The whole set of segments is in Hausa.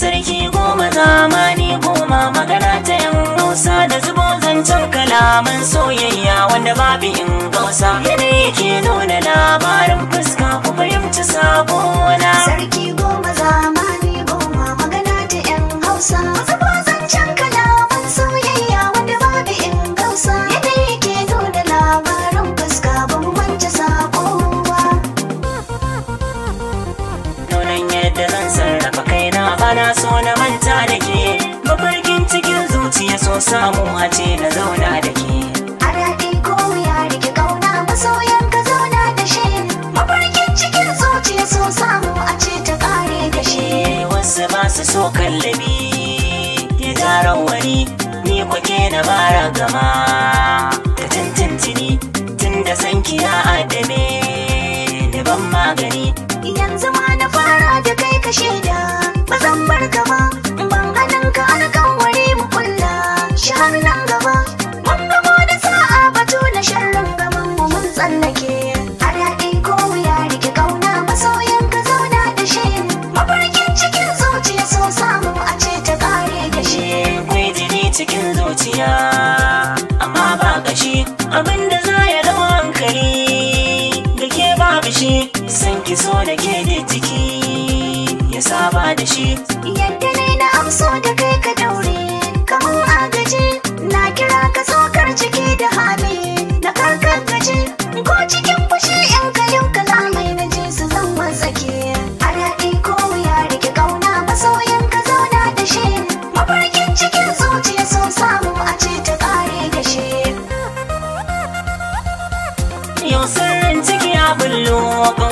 sarki goma zamani goma magana ta yan musa da zubo zancen kalaman soyayya wanda babu in gausa yanayi yake nuna labarin fuska ku fahimci sabo na samu ce na zauna da ke. A daɗi ko wuya da ki kauna masoyan ka zauna da shi. Mafarkin cikin zuciya so samu a ce ta ƙare da shi. Wasu ba su so kallabi, ya wani ni kwake na bara gama. zuciya amma ba kashi abinda za ya da hankali da ke babu shi san ki so da ke da jiki ya saba da shi yadda ne na amso da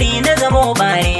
bari na zamo bare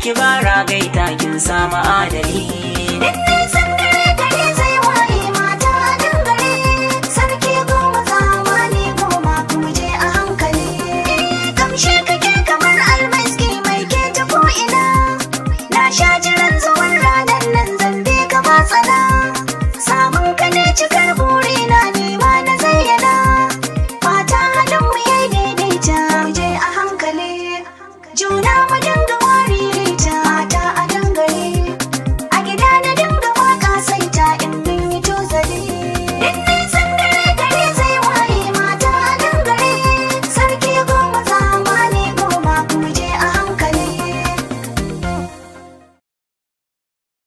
ki bara gaita kin sama adali